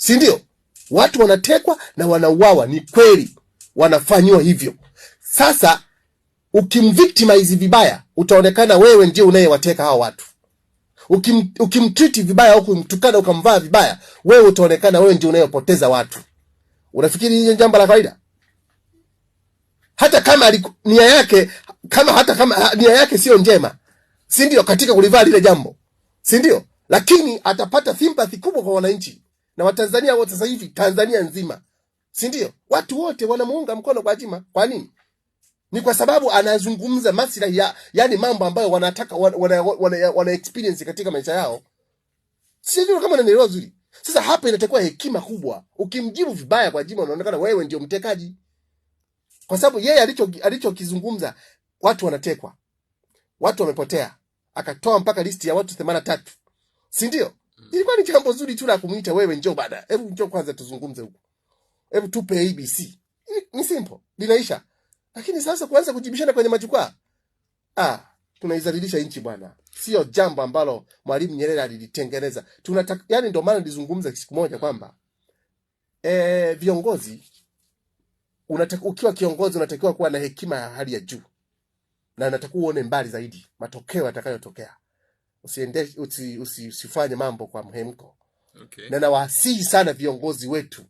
si ndio? Watu wanatekwa na wanauawa, ni kweli, wanafanyiwa hivyo. Sasa ukimvictimize vibaya, utaonekana wewe ndio unayewateka hawa watu. Ukim, ukimtriti vibaya au kumtukana ukamvaa vibaya, wewe utaonekana wewe ndio unayepoteza watu. Unafikiri hiyo jambo la kawaida? Hata kama nia yake kama hata kama nia yake sio njema, si ndio, katika kulivaa lile jambo, si ndio? Lakini atapata sympathy kubwa kwa wananchi na watanzania wote sasa hivi tanzania nzima si ndio watu wote wanamuunga mkono gwajima kwa nini ni kwa sababu anazungumza maslahi ya yani mambo ambayo wanataka wana, wana, wana, wana experience katika maisha yao sijui kama nanielewa vizuri sasa hapa inatakiwa hekima kubwa ukimjibu vibaya kwa gwajima unaonekana wewe ndio mtekaji kwa sababu yeye alichokizungumza alicho watu wanatekwa watu wamepotea akatoa mpaka listi ya watu themana tatu si ndio Mm. ilikuwa ni jambo zuri tu la kumuita wewe, njoo bada, hebu njoo kwanza tuzungumze huko, hebu tupe ABC. Ni simple, linaisha. Lakini sasa kuanza kujibishana kwenye majukwaa, ah, tunaizalilisha nchi bwana. Sio jambo ambalo Mwalimu Nyerere alilitengeneza. Tunataka yani, ndio maana nilizungumza siku moja kwamba e, viongozi unataka, ukiwa kiongozi unatakiwa kuwa na hekima ya hali ya juu na unatakiwa uone mbali zaidi matokeo yatakayotokea usiendeshe usi, usi, usi, usifanye mambo kwa mhemko okay. na nawasihi sana viongozi wetu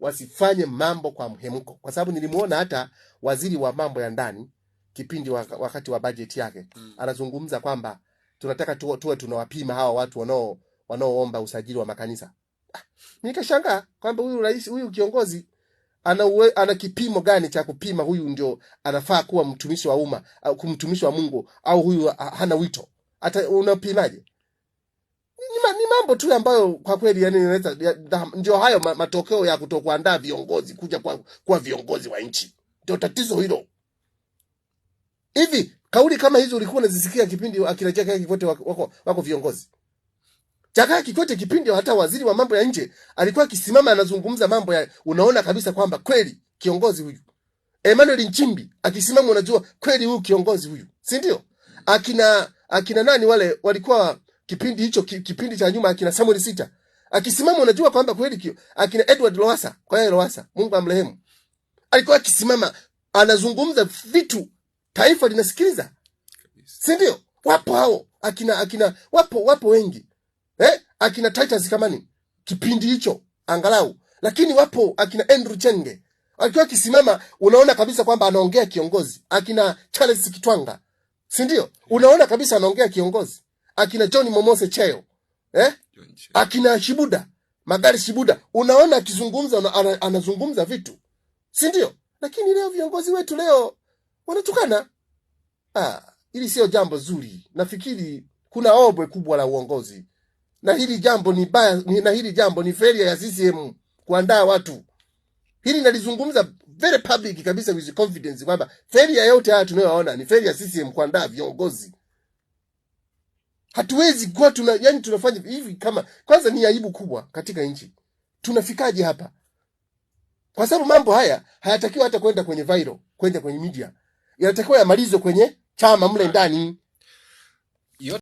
wasifanye mambo kwa mhemko, kwa sababu nilimuona hata waziri wa mambo ya ndani kipindi wakati wa bajeti yake mm. anazungumza kwamba tunataka tuwe, tuwe tunawapima hawa watu wanao wanaoomba usajili wa makanisa. Ah, nikashangaa kwamba huyu rais huyu kiongozi ana, uwe, ana kipimo gani cha kupima huyu ndio anafaa kuwa mtumishi wa umma au mtumishi wa Mungu au huyu hana wito? hata unapimaje? Ni mambo tu ambayo kwa kweli yani inaweza ndio hayo matokeo ya kutokuandaa viongozi kuja kwa, kwa viongozi wa nchi, ndio tatizo hilo. Hivi kauli kama hizo ulikuwa unazisikia kipindi akina Jakaya Kikwete wako, wako viongozi? Jakaya Kikwete kipindi hata waziri wa mambo ya nje alikuwa akisimama anazungumza mambo ya, unaona kabisa kwamba kweli kiongozi huyu. Emmanuel Nchimbi akisimama, unajua kweli huyu kiongozi huyu, si ndio? Akina akina nani wale walikuwa kipindi hicho kipindi cha nyuma akina Samuel Sita akisimama, unajua kwamba kweli kio akina Edward Lowasa, kwa yeye Lowasa, Mungu amrehemu, alikuwa akisimama anazungumza vitu, taifa linasikiliza, si ndio? Wapo hao akina akina, wapo wapo wengi eh, akina Titus Kamani kipindi hicho angalau, lakini wapo akina Andrew Chenge alikuwa akisimama, unaona kabisa kwamba anaongea kiongozi, akina Charles Kitwanga sindio Unaona kabisa anaongea kiongozi, akina John Momose Cheo eh? akina Shibuda Magari Shibuda, unaona akizungumza, anazungumza vitu, sindio Lakini leo viongozi wetu leo wanatukana. Ah, hili sio jambo zuri. Nafikiri kuna obwe kubwa la uongozi na hili jambo ni baya, na hili jambo ni feria ya CCM kuandaa watu. Hili nalizungumza very public kabisa with confidence kwamba failure yote haya tunayoona ni failure CCM kuandaa viongozi. Hatuwezi kuwa tuna, yani tunafanya hivi kama, kwanza ni aibu kubwa katika nchi. Tunafikaje hapa? Kwa sababu mambo haya hayatakiwa hata kwenda kwenye viral, kwenda kwenye media, yanatakiwa yamalizwe kwenye chama mle ndani.